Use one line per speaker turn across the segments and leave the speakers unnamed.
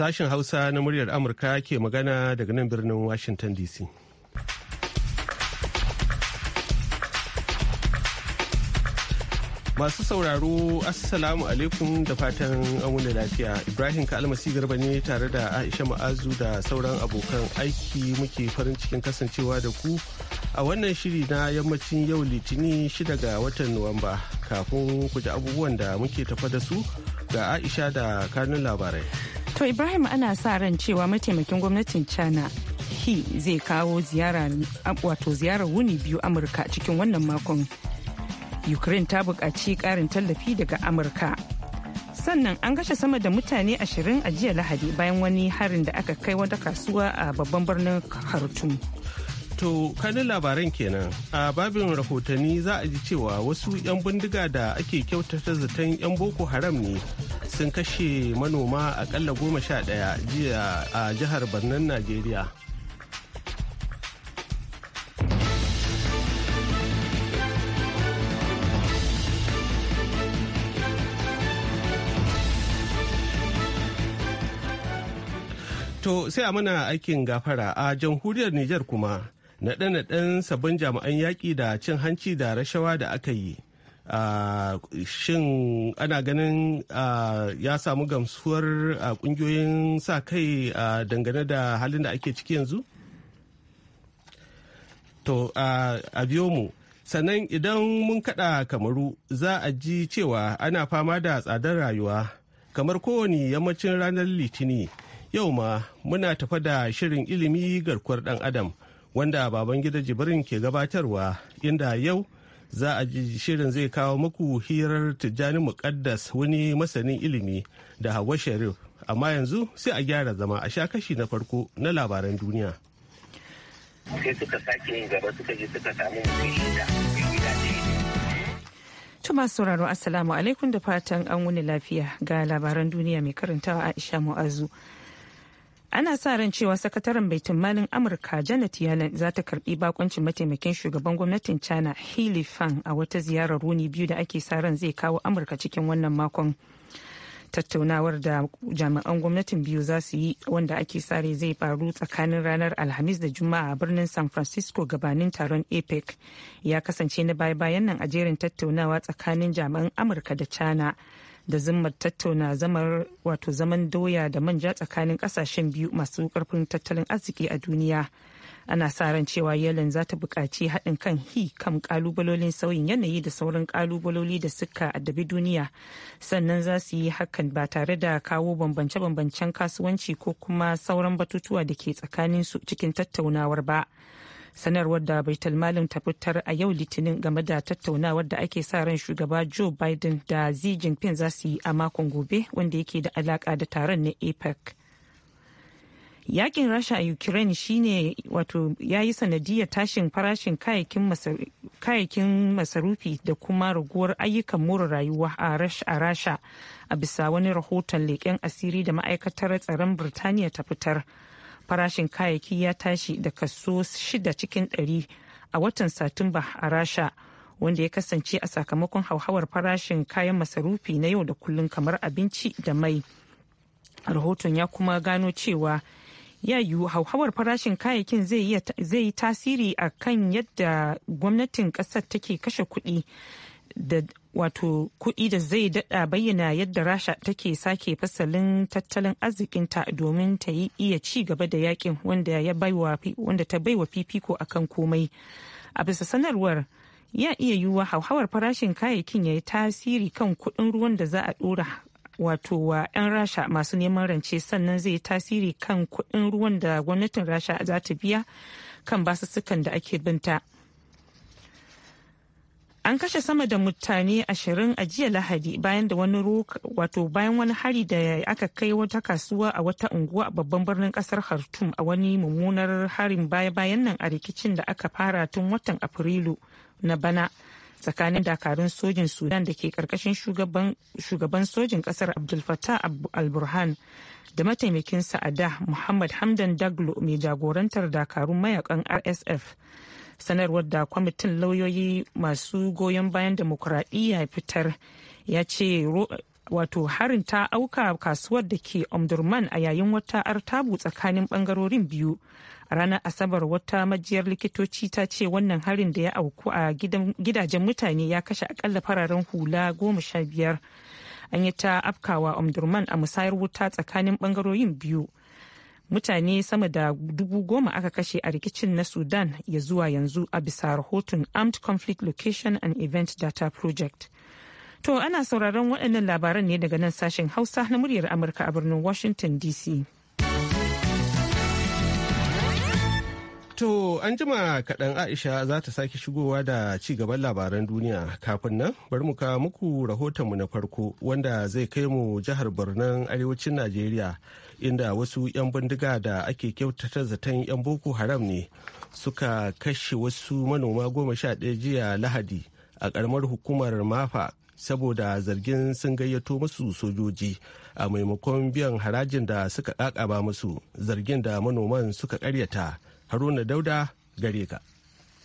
Sashen Hausa na muryar Amurka ke magana daga nan birnin Washington DC. Masu sauraro, Assalamu alaikum da fatan wuni lafiya. Ibrahim Kalmasi Garba ne tare da Aisha Ma'azu da sauran abokan aiki muke farin cikin kasancewa da ku a wannan shiri na yammacin yau litini 6 ga watan Nuwamba. Kafin ku ji abubuwan da muke tafa da su ga Aisha da kanun labarai.
To Ibrahim ana sa ran cewa mataimakin gwamnatin China He zai kawo wato ziyarar wuni biyu Amurka cikin wannan makon. Ukraine ta buƙaci ƙarin tallafi daga Amurka. Sannan an gashe sama da mutane ashirin a jiya Lahadi bayan wani harin da aka kai wata kasuwa a babban birnin Khartoum.
To kanin labaran kenan a babin rahotanni za a ji cewa wasu 'yan bindiga da ake kyautata zaton 'yan Boko Haram ne sun kashe manoma akalla goma sha ɗaya jiya a jihar Barnan Najeriya. To sai a mana aikin gafara a jamhuriyar Nijar kuma naɗe-naɗen sabbin jami'an yaƙi da cin hanci da rashawa da aka yi. Ah, shin ana ganin ah, ya samu gamsuwar kungiyoyin ah, sa kai dangane da halin da ake ciki yanzu? To, a biyo mu. Sannan idan mun kaɗa kamaru za a ji cewa ana fama da tsadar rayuwa kamar kowane yammacin ranar litini yau ma muna tafa da shirin ilimi garkuwar ɗan adam wanda baban gida jibrin ke gabatarwa inda yau za a ji shirin zai kawo muku hirar tijjani muƙaddas wani masanin ilimi da hawa sharif amma yanzu sai a gyara zama a sha kashi na farko na labaran
duniya sai suka
sauraro Assalamu alaikum da fatan an wuni lafiya ga labaran duniya mai karantawa Aisha Mu'azu. ana sa ran cewa sakataren mai malin amurka janet yellen za ta karbi bakoncin mataimakin shugaban gwamnatin china hili fang a wata ziyarar runi biyu da ake sa ran zai kawo amurka cikin wannan makon tattaunawar da jami'an gwamnatin biyu za su yi wanda ake sare zai faru tsakanin ranar alhamis da juma'a a birnin san francisco gabanin taron apec ya kasance na baya-bayan nan a jerin tattaunawa tsakanin jami'an amurka da china da zimmar tattauna zamar wato zaman doya da manja tsakanin kasashen biyu masu karfin tattalin arziki a duniya ana sa ran cewa yalin za ta buƙaci haɗin kan hi kan ƙalubalolin sauyin yanayi da sauran ƙalubaloli da suka addabi duniya sannan za su yi hakan ba tare da kawo bambance-bambancen kasuwanci ko kuma sauran batutuwa da ke tsakanin su cikin tattaunawar ba. sanarwar da bai malam ta fitar a yau litinin game da tattaunawar da ake sa ran shugaba joe biden da xi jinping za su yi a makon gobe wanda yake da alaka da taron na apec yakin rasha a ukraine shine wato ya yi sanadiyar tashin farashin kayayyakin masarufi da kuma raguwar ayyukan more rayuwa a rasha a bisa wani rahoton leƙen asiri da ma'aikatar tsaron birtaniya ta fitar farashin kayayyaki ya tashi da kaso shida cikin ɗari a watan satumba a rasha wanda ya kasance a sakamakon hauhawar farashin kayan masarufi na yau da kullum kamar abinci da mai rahoton ya kuma gano cewa ya yiwu hauhawar farashin kayayyakin zai yi tasiri a kan yadda gwamnatin kasar take kashe kuɗi da wato kuɗi da zai daɗa bayyana yadda rasha take sake fasalin tattalin arzikinta domin ta yi iya ci gaba da yakin wanda ta baiwa fifiko akan komai a bisa sanarwar ya iya yiwuwa hauhawar farashin kayayyakin ya yi tasiri kan kuɗin ruwan da za a ɗora wato wa 'yan rasha masu neman rance sannan zai tasiri kan kuɗin ruwan da gwamnatin rasha za ta biya kan basussukan da ake binta. an kashe sama da mutane ashirin a jiya lahadi bayan da wani wato bayan wani hari da aka kai wata kasuwa a wata unguwa a babban birnin kasar khartoum a wani mummunar harin baya-bayan nan a rikicin da aka fara tun watan afrilu na bana tsakanin dakarun sojin sudan da ke karkashin shugaban sojin kasar abdul fattah al da mataimakin sa'ada muhammad hamdan daglo mai jagorantar dakarun mayakan rsf sanarwar da kwamitin lauyoyi masu goyon bayan demokuraɗiyya fitar ya ce wato harin ta auka kasuwar da ke omdurman a yayin wata artabu tsakanin bangarorin biyu ranar asabar wata majiyar likitoci ta ce wannan harin da ya auku a gidajen mutane ya kashe akalla fararen hula goma sha biyar an yi ta afkawa omdurman a musayar wuta tsakanin bangarorin biyu mutane sama da dubu goma aka kashe a rikicin na sudan ya zuwa yanzu a bisa rahoton armed conflict location and event data project to ana sauraron waɗannan labaran ne daga nan sashen hausa na muryar amurka a birnin washington dc
To an jima kaɗan Aisha za ta sake shigowa da ci gaban labaran duniya kafin nan bari mu kawo muku rahotonmu na farko wanda zai kai mu jihar Birnin arewacin Najeriya inda wasu 'yan bindiga da ake kyautata zaton 'yan boko haram ne suka kashe wasu manoma goma sha ɗaya jiya lahadi a ƙaramar hukumar mafa saboda zargin sun gayyato masu sojoji a maimakon biyan harajin da suka ƙaƙaba masu zargin da manoman suka ƙaryata
haruna dauda gare ka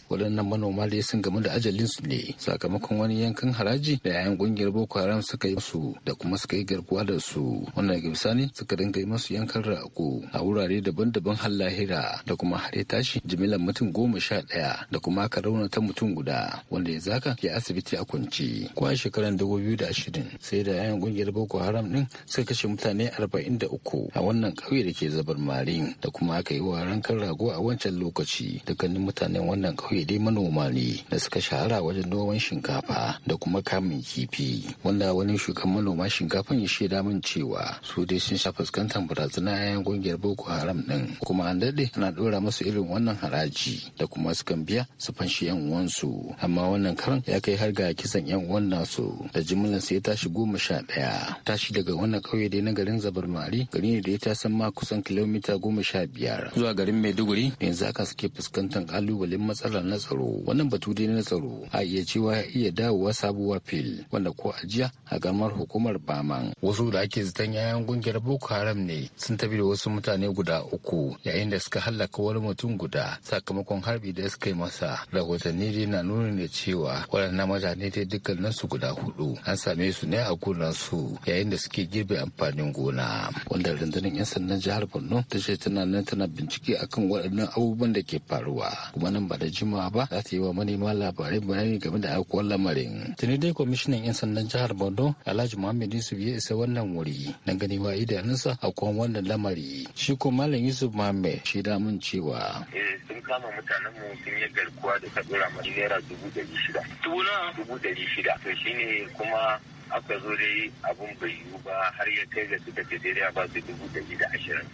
waɗannan manoma da sun gamu da ajalinsu ne sakamakon wani yankan haraji da yayan ƙungiyar boko haram suka yi su da kuma suka yi garkuwa da su wannan ga bisani suka dinga yi masu yankan rago a wurare daban-daban har lahira da kuma har tashi jimillar mutum goma sha ɗaya da kuma aka raunata mutum guda wanda ya zaka ke asibiti a kunci a shekaran dubu biyu da ashirin sai da yayan ƙungiyar boko haram ɗin suka kashe mutane arba'in da uku a wannan ƙauye da ke zabar marin da kuma aka yi wa rankan rago a wancan lokaci dukkanin mutanen wannan ƙauye bakwai dai manoma ne da suka shahara wajen noman shinkafa da kuma kamun kifi wanda wani shugaban manoma shinkafan ya shaida min cewa su dai sun sha fuskantar barazana yayin kungiyar boko haram din kuma an dade ana dora musu irin wannan haraji da kuma su kan biya su fanshi yan uwansu amma wannan karan ya kai har ga kisan yan uwan nasu da jimillar sai tashi goma sha daya tashi daga wannan kauye dai na garin zabarmari gari ne da ya tasan ma kusan kilomita goma sha biyar zuwa garin maiduguri yanzu haka suke fuskantar kalubalen matsalar na tsaro wannan batu dai na tsaro a iya cewa ya iya dawowa sabuwa fil wanda ko a jiya a gamar hukumar baman wasu da ake zaton yayan kungiyar boko haram ne sun tafi da wasu mutane guda uku yayin da suka hallaka wani mutum guda sakamakon harbi da suka yi masa rahotanni dai na nuni da cewa waɗannan mutane dai dukkan nasu guda hudu an same su ne a gonar su yayin da suke girbe amfanin gona wanda rundunar yan sandan jihar borno ta ce tana nan tana bincike akan waɗannan abubuwan da ke faruwa kuma nan ba da jima jama'a ba za ta yi wa manema labarai bayani game da aukuwar lamarin tuni dai kwamishinan yan sandan jihar borno alhaji muhammad yusuf ya isa wannan wuri na ganewa idanunsa a kuma wannan lamari shi ko malam yusuf muhammad shi cewa
eh, sun kama mutanen mu sun yi garkuwa da kadura mai naira dubu dari shida tuna dubu dari shida to shine kuma aka zo dai abun bai yiwu ba har ya kai ga suka ce dai ba su dubu dari da ashirin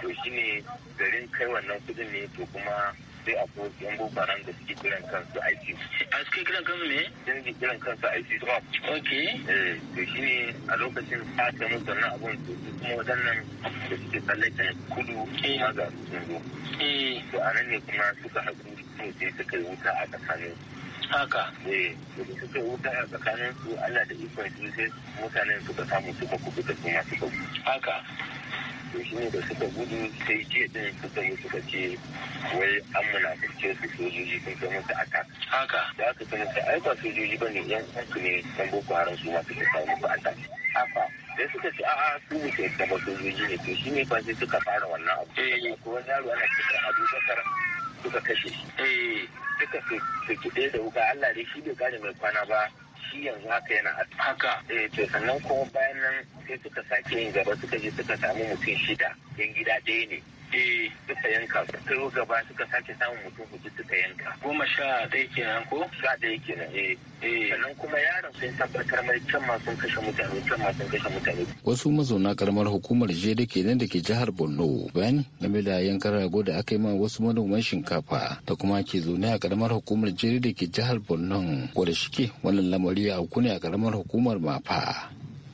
to shine garin kai wannan kudin ne to kuma sai a ko yan boko haram da suke kiran kansu aiki. A suke kiran kansu ne? Sun ke kiran kansu ISIS ba. Ok. Eh to shi ne a lokacin ta ta musu abun to su kuma waɗannan da suke tsallaken kudu kuma eh. ga sun Eh. To a nan ne kuma suka haɗu sai suka yi wuta a tsakanin haka eh da suka wuta a tsakanin su Allah da ikon su sai mutanen suka samu suka kubuta kuma suka haka to shi ne da suka gudu sai jiya din suka yi suka ce wai an munafurce su sojoji sun kai musu attack haka da aka sani sai ai ba sojoji ba ne yan uku ne san boko haram su ma suka kai musu attack haka sai suka ce a'a su mu da ba sojoji ne to shi ne ba sai suka fara wannan abu eh. ko wani yaro ana cikin abubakar suka kashe shi eh. suka su kiɗe da wuka Allah dai shi bai kare mai kwana ba shi yanzu haka yana a haka eh to sannan kuma bayan nan sai suka sake yin gaba suka je suka samu mutum shida yan gida ɗaya ne e suka yanka su gaba suka sake samun mutum hudu suka yanka goma sha ɗaya kenan ko sha ɗaya kenan eh. eh sannan kuma yaron sun tabbatar mai can ma sun kashe mutane can ma sun kashe mutane
wasu mazauna karamar hukumar jede kenan da ke jihar borno bayan game da yankar rago da aka yi ma wasu manoman shinkafa da kuma ke zaune a karamar hukumar jere da ke jihar borno wadda shike wannan lamari a ne a karamar hukumar mafa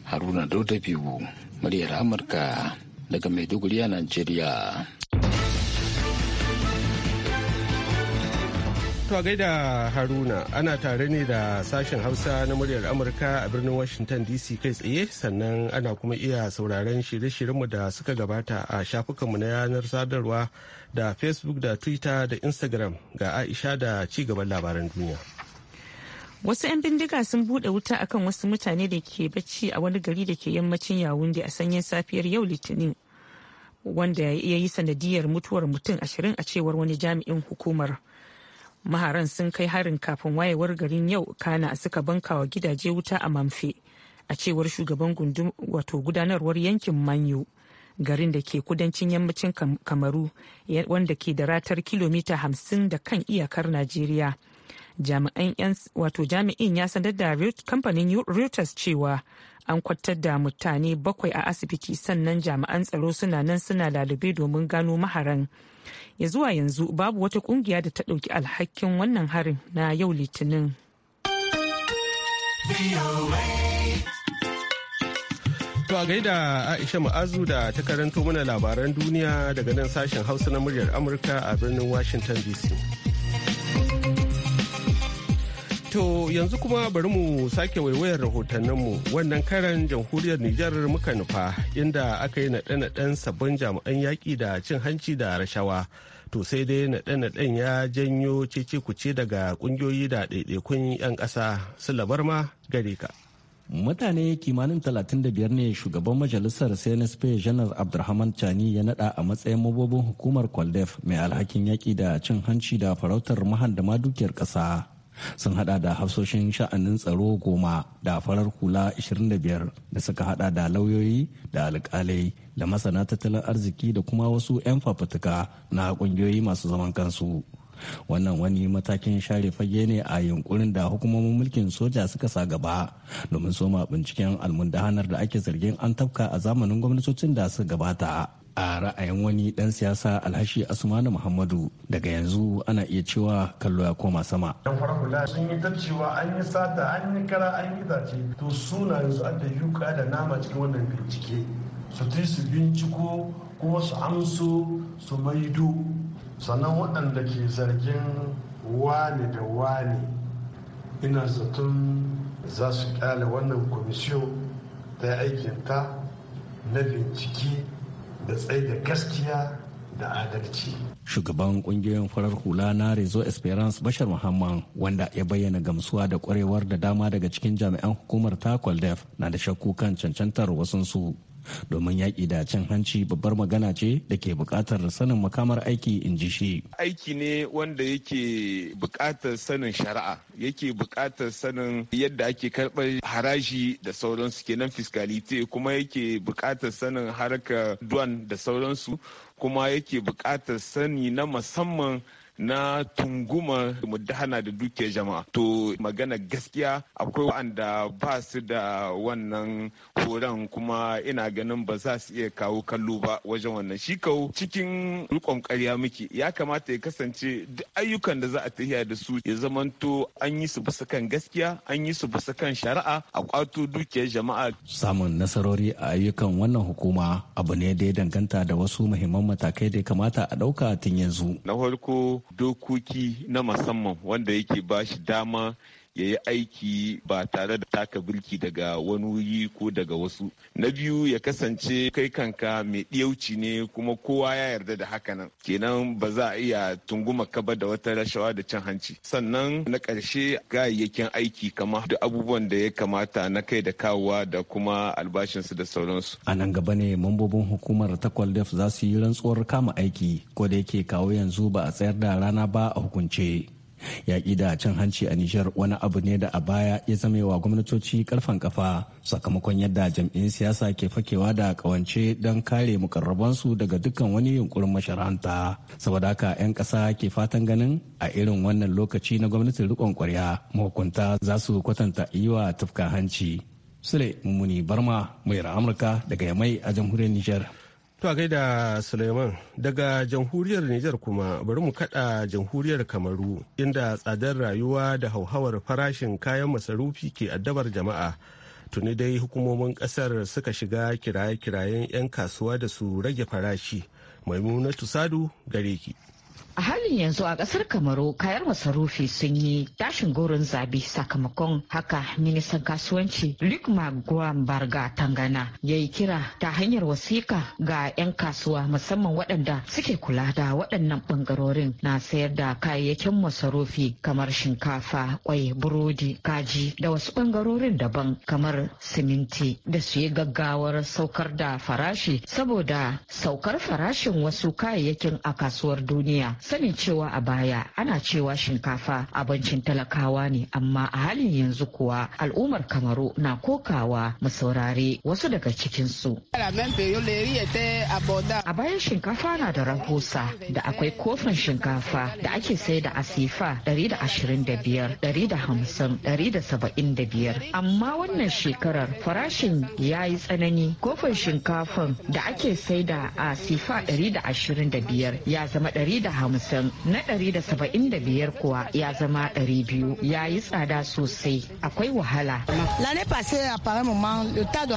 haruna dauda biyu muryar amurka daga Maiduguri a Najeriya.
To gaida Haruna ana tare ne da sashen Hausa na muryar Amurka a birnin Washington DC kai tsaye sannan ana kuma iya sauraren shirye-shiryenmu da suka gabata a shafukanmu na yanar sadarwa da Facebook da Twitter da Instagram ga Aisha da ci gaban labaran duniya.
wasu 'yan bindiga sun bude wuta akan wasu mutane da ke bacci a wani gari da ke yammacin yawunde a sanyin safiyar yau litinin wanda ya yi sanadiyar mutuwar mutum ashirin a cewar wani jami'in hukumar maharan sun kai harin kafin wayewar garin yau kana suka bankawa gidaje wuta a mamfe a cewar shugaban wato gudanarwar yankin manyo garin da ke kudancin yammacin kamaru wanda ke da ratar kilomita hamsin da kan iyakar najeriya jami'in ya sanar da kamfanin reuters cewa an kwatar da mutane bakwai a asibiti sannan jami'an tsaro suna nan suna lalube domin gano maharan ya zuwa yanzu babu wata kungiya da ta ɗauki alhakin wannan harin na yau litinin
To a gaida Aisha mu'azu da ta karanto mana labaran duniya daga nan sashen Hausa na muryar Amurka a birnin Washington DC. To yanzu kuma bari mu sake waiwayar rahotanninmu wannan karan jamhuriyar Nijar muka nufa inda aka yi naɗe-naɗen sabbin jami'an yaƙi da cin hanci da rashawa. To sai dai naɗe-naɗen ya janyo cece-kuce daga ƙungiyoyi da ɗaiɗaikun 'yan ƙasa su labar ma gare ka.
mutane kimanin 35 ne shugaban majalisar cnsp janar abdulrahman chani ya nada a matsayin mabobin hukumar kwaldef mai alhakin yaƙi da cin hanci da farautar mahandama dukiyar ƙasa sun hada da hafsoshin sha'anin tsaro goma da farar hula 25 da suka hada da lauyoyi da alkalai da masana tattalin arziki da kuma wasu 'yan fafutuka na kungiyoyi masu zaman kansu wannan wani matakin share fage ne a yunkurin da hukumomin mulkin soja suka sa gaba domin soma binciken almundahanar da ake zargin an tafka a zamanin gwamnatocin da suka gabata a ra'ayin wani ɗan siyasa alhashi asmanu muhammadu daga yanzu ana iya cewa kallo ya koma sama
yan farahula sun yi ta cewa an yi sata an yi kara an yi zace to suna yanzu, an da yuka da nama cikin wannan bincike su ti su binciko kuma su amso su maido sannan waɗanda ke zargin wane da wane ina zaton za su kyale wannan kwamishiyo ta aikinta
na bincike da tsaye da gaskiya da adalci.
Shugaban kungiyoyin farar hula na Rezo Esperance Bashar Muhammad wanda ya bayyana gamsuwa da kwarewar da dama daga cikin jami'an hukumar ta na da shakku kan cancantar wasansu. domin yaƙi da cin hanci babbar magana ce da ke buƙatar sanin makamar aiki in ji shi.
Aiki ne wanda yake buƙatar sanin shari'a yake buƙatar sanin yadda ake karɓar haraji da sauransu kenan fiskalite kuma yake buƙatar sanin harkar duwan da sauransu kuma yake buƙatar sani na musamman na tunguma mudahana da dukiyar jama'a to magana gaskiya akwai wa'anda ba su da wannan horon kuma ina ganin ba za su iya kawo kallo ba wajen wannan shi kawo cikin rikon karya miki ya kamata ya kasance duk ayyukan da za a tafiya da su ya zamanto an yi su bisa kan gaskiya an yi su bisa kan shari'a a kwato dukiyar jama'a
samun nasarori a ayyukan wannan hukuma abu ne da ya danganta da wasu muhimman matakai da ya kamata a ɗauka tun yanzu
na farko dokoki na musamman wanda yake ba shi dama ya yi aiki ba tare da taka birki daga wani wuri ko daga wasu na biyu ya kasance kai kanka mai ɗiyauci ne kuma kowa ya yarda da haka nan kenan ba za a iya tunguma ba da wata rashawa da cin hanci sannan na ƙarshe kayayyakin aiki kama duk abubuwan da ya kamata na kai da kawowa da kuma albashinsu da sauransu
a nan gaba ne mambobin hukumar ta za su yi rantsuwar kama aiki ko da yake kawo yanzu ba a tsayar da rana ba a hukunce yaƙi da cin hanci a nijar wani abu ne da a baya ya zama wa gwamnatoci karfan kafa sakamakon yadda jam'in siyasa ke fakewa da ƙawance don kare mukarrabansu daga dukkan wani yunkurin masharanta saboda haka 'yan ƙasa ke fatan ganin a irin wannan lokaci na gwamnatin riƙon kwarya mahukunta za su kwatanta iwa tufka hanci sule mummuni barma mai amurka daga yamai a jamhuriyar nijar To da Suleiman daga jamhuriyar Nijar kuma
bari mu kada jamhuriyar Kamaru inda tsadar rayuwa da hauhawar farashin kayan masarufi ke addabar jama'a. Tuni dai hukumomin kasar suka shiga kiraye-kirayen 'yan kasuwa da su rage farashi. Maimunatu Sadu gare ki.
A halin yanzu a kasar Kamaru kayan masarufi sun yi tashin goron zabi sakamakon haka ministan kasuwanci Luc Maguam Barga Tangana ya yi kira ta hanyar wasiƙa ga 'yan kasuwa musamman waɗanda suke kula da waɗannan ɓangarorin na sayar da kayayyakin masarufi kamar shinkafa, kwai, burodi, kaji da wasu ɓangarorin daban kamar siminti da su yi gaggawar saukar da farashi saboda saukar farashin wasu kayayyakin a kasuwar duniya sanin cewa a baya ana cewa shinkafa abincin talakawa ne amma a halin yanzu kuwa al'ummar kamaru na kokawa mu saurare wasu daga cikin su A bayan shinkafa na da rahusa da akwai kofin shinkafa da ake sai da asifa 125, 150, 175. Amma wannan shekarar farashin ya yi tsanani kofin shinkafan da ake sai da asifa 125 ya zama 150. hamsin na ɗari da saba'in da biyar kuwa ya zama ɗari biyu ya yi tsada sosai akwai wahala.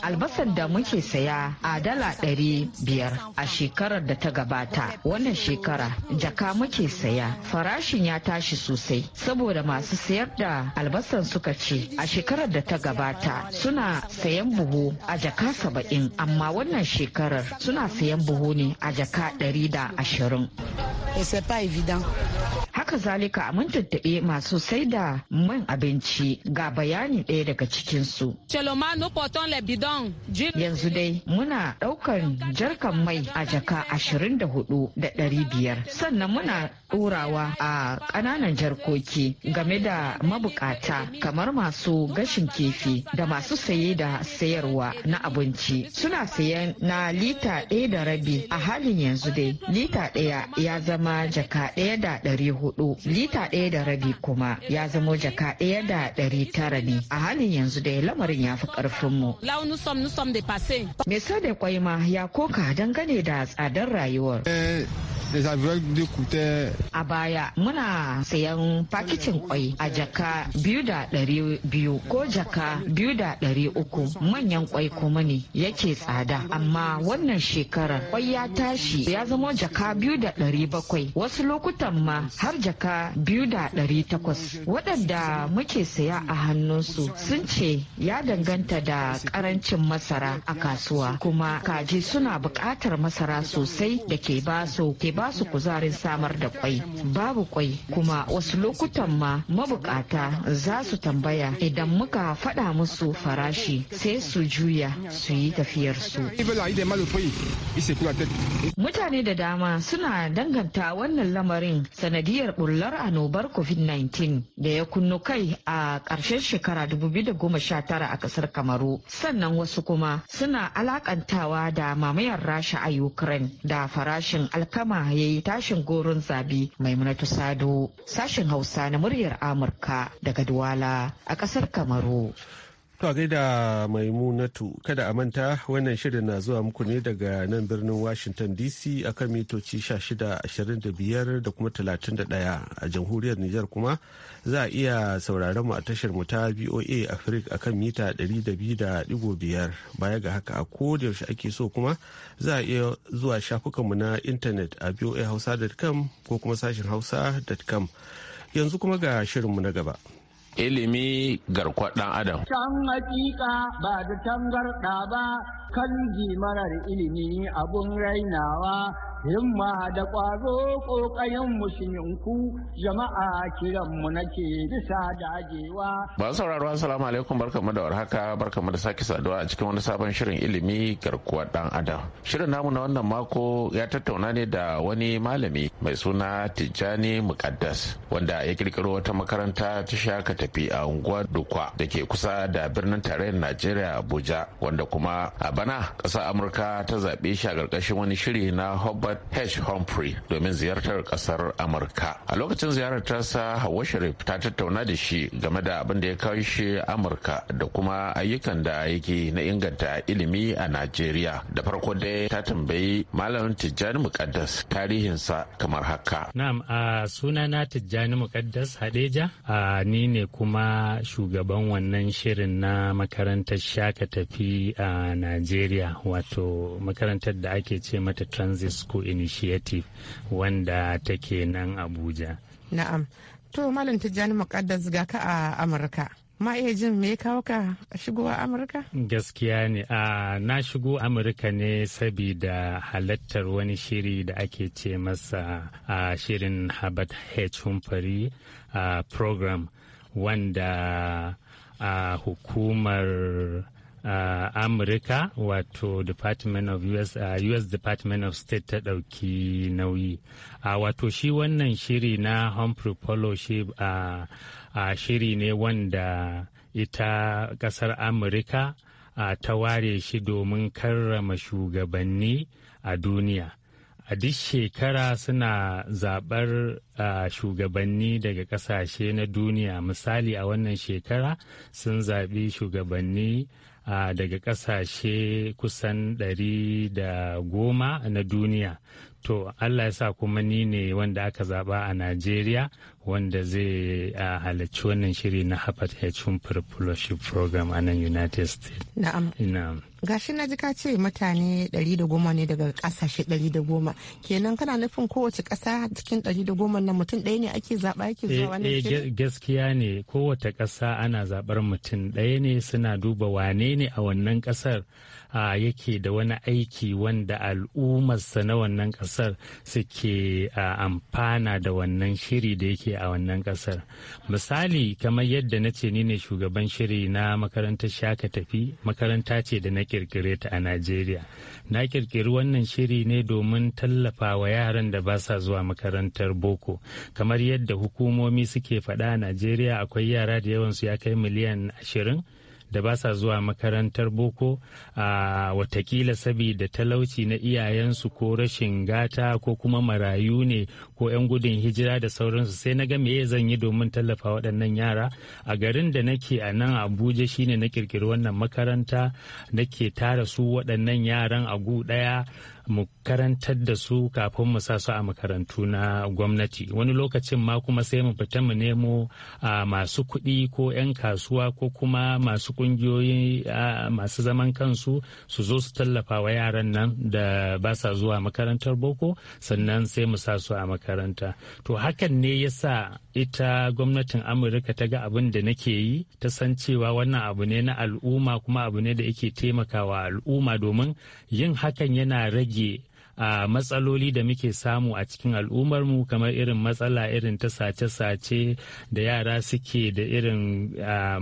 Albasar da muke saya a dala ɗari biyar a shekarar da ta gabata wannan shekara jaka muke saya farashin ya tashi sosai saboda masu sayar da albasan suka ce a shekarar da ta gabata suna sayan buhu a jaka saba'in amma wannan shekarar suna sayan buhu ne a jaka ɗari da ashirin. pas évident. haka zalika mun tuntuɓe masu sai da man abinci ga bayani ɗaya daga cikinsu. Yanzu dai muna ɗaukan jarkan mai a jaka ashirin da hudu da ɗari biyar sannan muna ɗorawa a ƙananan jarkoki game da mabukata kamar masu gashin kifi da masu saye da sayarwa na abinci suna sayan na lita ɗaya da rabi a halin yanzu dai lita ɗaya ya zama jaka ɗaya da ɗari hudu. hudu lita ɗaya da rabi kuma ya zamo jaka ɗaya da ɗari tara ne a halin yanzu da lamarin ya fi ƙarfinmu. Mai sa kwai ma ya koka dangane da tsadar rayuwar. Eh, A baya muna sayan fakitin kwai a jaka biyu da ɗari biyu ko jaka biyu da ɗari uku manyan kwai kuma ne yake tsada amma wannan shekarar kwai ya tashi ya zama jaka biyu da ɗari bakwai wasu lokutan ma har jaka biyu da ɗari takwas waɗanda muke saya a hannunsu sun ce ya danganta da ƙarancin masara a kasuwa kuma kaji suna buƙatar masara sosai da ke ba su ke ba su kuzarin samar da kwai babu kwai kuma wasu lokutan ma mabukata za su tambaya idan muka faɗa musu farashi sai su juya su yi tafiyarsu mutane da dama suna danganta wannan lamarin sanadiyar bullar annobar covid-19 da ya kunnu kai a ƙarshen shekara 2019 a ƙasar kamaru sannan wasu kuma suna alakantawa da mamayar rasha a ukraine da farashin alkama ya yi tashin goron zabi maimunatu sado sashin hausa na muryar amurka daga duwala a kasar kamaru
To gaida maimunatu kada a manta wannan shirin na zuwa muku ne daga nan birnin Washington DC akan mitoci 1625 da kuma 31 a jamhuriyar Nijar kuma za a iya sauraron mu a tashar mu ta BOA Africa akan mita 200.5 baya ga haka a yaushe ake so kuma za a iya zuwa shafukanmu na intanet a Hausa.com ko kuma sashin hausa.com yanzu kuma ga shirinmu na gaba.
ilimi garkwa ɗan adam.
Can hakika ba da tangarɗa ba kanji marar ilimi abun rainawa himma da ƙwazo ƙoƙayen musulunku jama'a kiranmu nake bisa dajewa. Ba
sauraro assalamu alaikum barkamu da warhaka barkamu da sake saduwa a cikin wani sabon shirin ilimi garkuwar dan adam. Shirin namu na wannan mako ya tattauna ne da wani malami mai suna Tijjani Mukaddas wanda ya kirkiro wata makaranta ta shaka tafi a unguwar Dukwa da ke kusa da birnin tarayyar Najeriya Abuja wanda kuma a bana ƙasar amurka ta zaɓe shi a ƙarƙashin wani shiri na hobart h humphrey domin ziyartar ƙasar amurka a lokacin ziyarar tasa hawa sharif ta tattauna da shi game da abin da ya kawo shi amurka da kuma ayyukan da yake na inganta ilimi a najeriya da farko dai ta tambayi malamin tijjani mukaddas tarihinsa kamar haka
na'am a sunana tijjani mukaddas hadeja a ni ne kuma shugaban wannan shirin na makarantar shaka tafi a najeriya Nigeria wato makarantar da ake ce mata Transit School Initiative wanda take nan Abuja.
Na'am. To Malam Tijjani Muqaddas ga ka a Amurka. ma iya jin me kawo ka shigowa amurka
gaskiya ne na shigo amurka ne saboda halattar wani shiri da ake ce masa a shirin habat h humphrey program wanda a hukumar uh, amurka wato department of US, uh, us department of state ta ɗauki nauyi uh, wato shi wannan shiri na humphrey polo shi uh, uh, shiri ne wanda ita ƙasar amurka uh, ta ware shi domin karrama shugabanni a duniya a duk shekara suna zaɓar uh, shugabanni daga ƙasashe na duniya misali a wannan shekara sun zaɓi shugabanni daga ƙasashe kusan ɗari da goma na duniya to allah ya sa kuma ni ne wanda aka zaba a najeriya wanda zai halarci wannan shiri na harvard h fellowship program a nan united states na'am na'am
gashi na ji ka ce mutane 110 ne daga kasashe 110 kenan kana nufin kowace kasa cikin 110 na mutum ɗaya ne ake zaɓa yake zuwa wannan eh, eh, shiri
gaskiya ne kowace ƙasa ana zaɓar mutum ɗaya ne suna duba wane ne a wannan ƙasar yake da wani aiki wanda al'ummarsa na wannan kasar suke amfana da wannan shiri da yake a wannan kasar misali kamar yadda na ce ni ne shugaban shiri na makarantar shaka tafi makaranta ce da na kirkire ta a najeriya na kirkiri wannan shiri ne domin tallafa wa yaran da ba sa zuwa makarantar boko kamar yadda hukumomi suke faɗa a najeriya akwai yara da yawansu ya kai miliyan ashirin da ba sa zuwa makarantar boko a watakila saboda talauci na iyayensu ko rashin gata ko kuma marayu ne ko 'yan gudun hijira da sauransu sai na ga meye zan yi domin tallafa waɗannan yara a garin da nake a nan abuja shine na kirkiri wannan makaranta nake tara su waɗannan yaran a gu ɗaya mu karantar da su kafin mu sa su a makarantu na gwamnati wani lokacin ma kuma sai mu fita mu nemo masu kuɗi ko 'yan kasuwa ko kuma masu ƙungiyoyi masu zaman kansu su zo su tallafa wa yaran nan da ba sa zuwa makarantar boko sannan sai mu sa su a makaranta to hakan ne ya sa ita gwamnatin amurka ta ga abin da nake yi ta san cewa wannan abu ne na al'umma kuma abu ne da yake taimakawa al'umma domin yin hakan yana rage rage a matsaloli da muke samu a cikin al'ummarmu kamar irin matsala irin ta sace-sace da yara suke da irin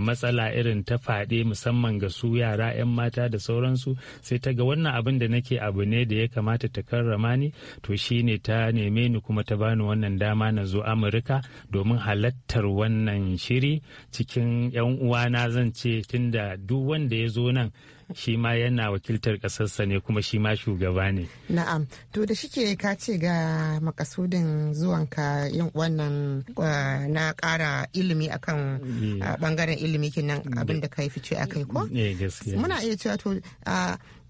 matsala irin ta faɗe musamman ga su yara 'yan mata da sauransu sai ta ga wannan abin da nake abu ne da ya kamata ta karrama ni to shi ne ta neme ni kuma ta bani wannan dama na zo amurka domin halattar wannan shiri cikin 'yan uwana zan ce tunda duk wanda ya zo nan shi ma yana wakiltar kasarsa ne kuma shi ma shugaba ne
na'am to da shike ka ce ga makasudin zuwanka yin wannan eh, na kara ilimi akan bangaren mm. eh, ilimi kenan abin da ka yi fice akai ko mm. eh, muna iya cewa to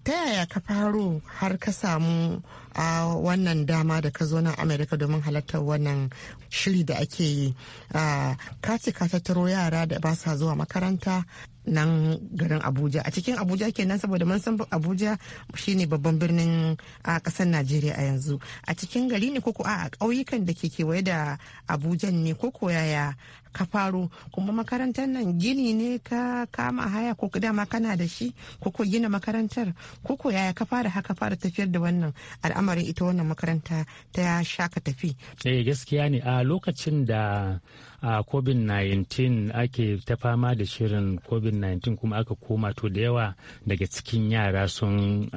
ta yaya ka faro har ka samu a wannan dama da ka zo nan Amerika domin halartar wannan shiri da ake yi. Ka ce ka tattaro yara da ba sa zuwa makaranta nan garin Abuja. A cikin Abuja kenan saboda mun san Abuja shine babban birnin a kasar Najeriya a yanzu. A cikin gari ne koko a ƙauyukan da ke kewaye da Abuja ne koko yaya ka faro kuma makarantar nan gini ne ka kama haya ko dama kana da shi koko gina makarantar koko yaya ka fara haka fara tafiyar da wannan al'amarin ita wannan makaranta ta shaka tafi.
Eh gaskiya ne a lokacin da a COVID-19 ake ta fama da shirin COVID-19 kuma aka koma to da yawa daga cikin yara sun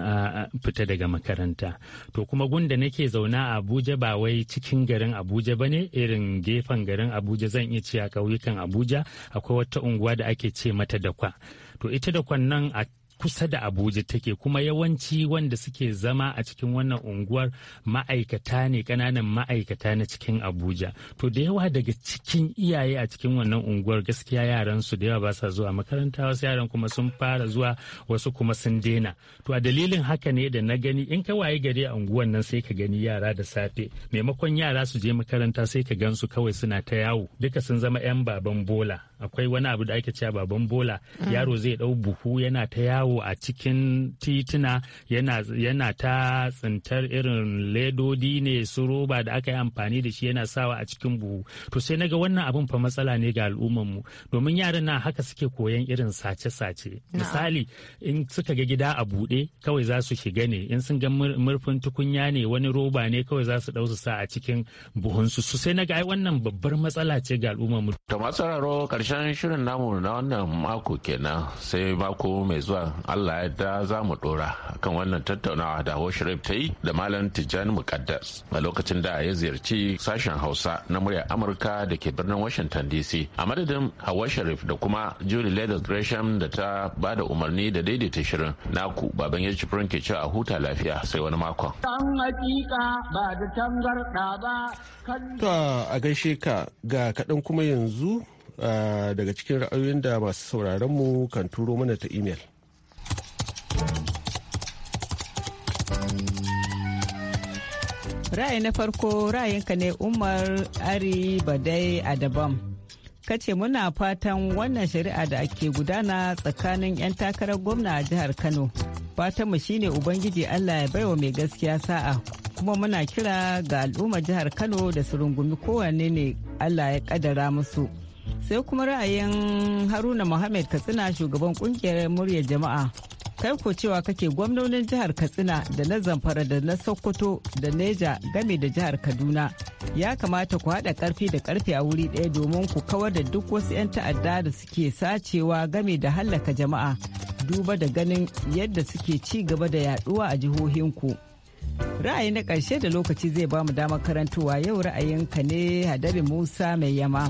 fita daga makaranta. To kuma gunda nake zauna a Abuja ba wai cikin garin Abuja ba ne irin gefen garin Abuja zan iya ce a ƙauyukan Abuja akwai wata unguwa da ake ce mata dakwa. To ita da nan a kusa da abuja take kuma yawanci wanda suke zama a cikin wannan unguwar ma'aikata ne kananan ma'aikata na cikin abuja to da yawa daga cikin iyaye a cikin wannan unguwar gaskiya yaran su da yawa ba sa zuwa makaranta wasu yaran kuma sun fara zuwa wasu kuma sun daina to a dalilin haka ne da na gani in ka waye gari a unguwar nan sai ka gani yara da safe maimakon yara su je makaranta sai ka gan su kawai suna ta yawo duka sun zama 'yan baban bola akwai wani abu da ake cewa baban bola yaro zai dau buhu yana ta yawo a cikin tituna yana ta tsintar irin ledodi ne su roba da aka yi amfani da shi yana sawa a cikin buhu to sai naga wannan abun fa matsala ne ga al'ummar mu domin yaran na haka suke koyan irin sace-sace misali in suka ga gida a bude kawai za su shiga ne in sun ga murfin tukunya ne wani roba ne kawai za su ɗau su sa a cikin buhun su sai naga ai wannan babbar matsala ce ga al'ummar mu
to karshen shirin namu na wannan mako kenan sai mako mai zuwa allah ya da za mu dora akan wannan tattaunawa da hoshirif ta yi da malam tijjani mukaddas a lokacin da ya ziyarci sashen hausa na muryar amurka da ke birnin washington dc a madadin hawa sharif da kuma juli leather gresham da ta ba da umarni da daidaita shirin naku baban yaci furin ke cewa a huta lafiya sai wani makon.
To
a gaishe ka ga kaɗan kuma yanzu daga cikin ra'ayoyin da masu sauraron mu kan turo mana ta imel.
Ra'ayi na farko ra'ayinka ne Umar Ari Badai ka Kace muna fatan wannan shari'a da ake gudana tsakanin 'yan takarar gwamna a jihar Kano. mu shine Ubangiji Allah ya baiwa mai gaskiya sa'a kuma muna kira ga al'ummar jihar Kano da su rungumi kowanne ne Allah ya kadara musu. sai kuma ra'ayin haruna mohammed katsina shugaban kungiyar muryar jama'a kai ko cewa kake gwamnonin jihar katsina da na zamfara da na sokoto da neja game da jihar kaduna ya kamata ku haɗa ƙarfi da ƙarfe a wuri ɗaya domin ku kawar da duk wasu 'yan ta'adda da suke sacewa game da hallaka jama'a duba da ganin yadda suke ci gaba da yaɗuwa a jihohinku. ku ra'ayi na ƙarshe da lokaci zai ba mu damar karantowa yau ra'ayinka ne hadari musa mai yama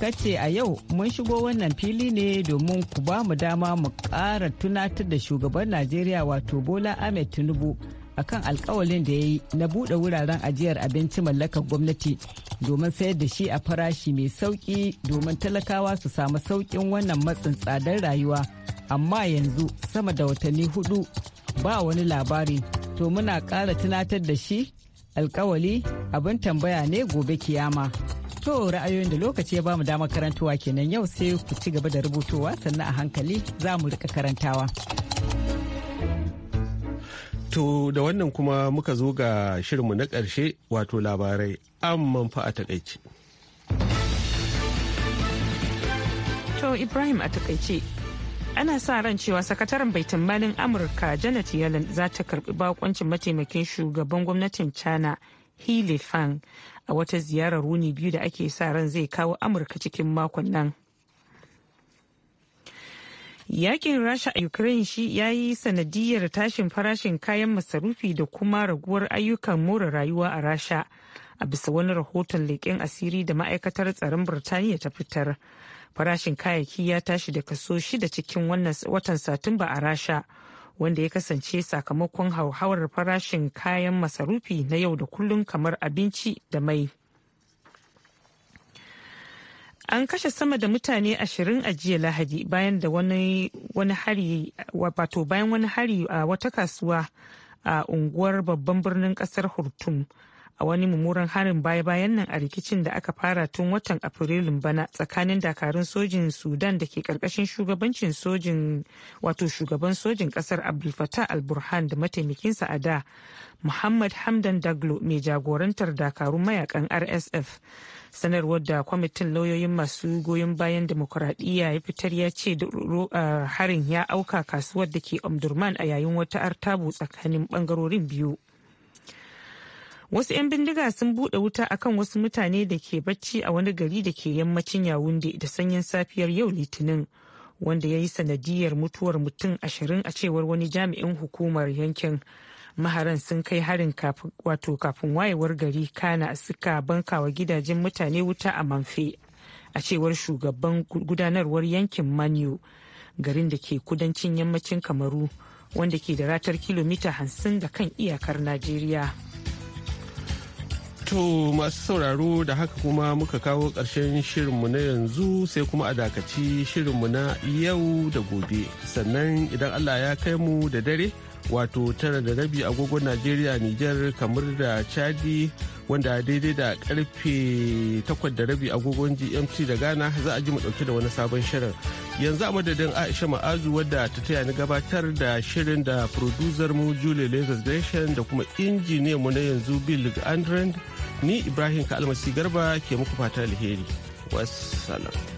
ce a yau mun shigo wannan fili ne domin ku ba mu dama mu ƙara tunatar da shugaban najeriya wato bola ahmed tinubu akan alkawalin da ya yi na buɗe wuraren ajiyar abinci mallakar gwamnati domin sayar da shi a farashi mai sauƙi domin talakawa su samu sauƙin wannan matsin tsadar rayuwa amma yanzu sama da watanni hudu ba wani labari to muna ƙara tunatar da shi alkawali abin tambaya ne gobe kiyama To ra'ayoyin da lokaci ya bamu damar karantowa kenan yau sai ku ci gaba da rubutuwa sannan a hankali za mu rika karantawa.
To da wannan kuma muka zo ga shirinmu na ƙarshe wato labarai amman fa a taƙaice.
To Ibrahim a taƙaice ana sa ran cewa sakataren baitin malin Amurka Janet Yellen za ta karbi bakoncin mataimakin shugaban gwamnatin China Healy Fang a wata ziyarar wuni biyu da ake sa ran zai kawo amurka cikin makon nan yakin rasha a ukraine shi ya yi sanadiyar tashin farashin kayan masarufi da kuma raguwar ayyukan more rayuwa a rasha a bisa wani rahoton leƙen asiri da ma'aikatar tsaron birtaniya ta fitar farashin kayayyaki ya tashi da kaso shida cikin watan satumba a rasha wanda ya kasance sakamakon hauhawar farashin kayan masarufi na yau da kullum kamar abinci da mai. An kashe sama da mutane ashirin a jiya Lahadi bayan da wani hari wato bayan wani hari a wata kasuwa a unguwar babban birnin kasar Hurtum a wani mummunan harin baya-bayan nan a rikicin da aka fara tun watan afrilun bana tsakanin dakarun sojin sudan da ke karkashin shugabancin sojin wato shugaban sojin kasar abdul fatah al-burhan da mataimakinsa a da muhammad hamdan daglo mai jagorantar dakarun mayakan rsf sanarwar da kwamitin lauyoyin masu goyon bayan demokuraɗiyya ya fitar ya ce da harin ya auka kasuwar da ke omdurman a yayin wata artabu tsakanin bangarorin biyu wasu 'yan bindiga sun buɗe wuta akan wasu mutane da ke bacci a wani gari da ke yammacin yawunde da sanyin safiyar yau litinin wanda ya yi sanadiyar mutuwar mutum ashirin a cewar wani jami'in hukumar yankin maharan sun kai harin wato kafin wayewar gari kana suka bankawa gidajen mutane wuta a manfe a cewar shugaban gudanarwar yankin manyo garin da ke kudancin yammacin kamaru wanda ke da ratar kilomita hamsin da kan iyakar najeriya
To masu sauraro da haka kuma muka kawo ƙarshen shirinmu na yanzu sai kuma a dakaci shirinmu na yau da gobe. Sannan idan Allah ya kai mu da dare wato tara da rabi agogon Najeriya Niger kamar da Chadi wanda daidai da karfe takwas da rabi agogon GMT da Ghana za a ji mu dauke da wani sabon shirin. Yanzu a madadin Aisha Ma'azu wadda ta taya ni gabatar da shirin da producer mu Julie lagos da kuma injiniyan mu na yanzu Bill Andrand. ni ibrahim kalmasi garba ke muku fatan alheri wasu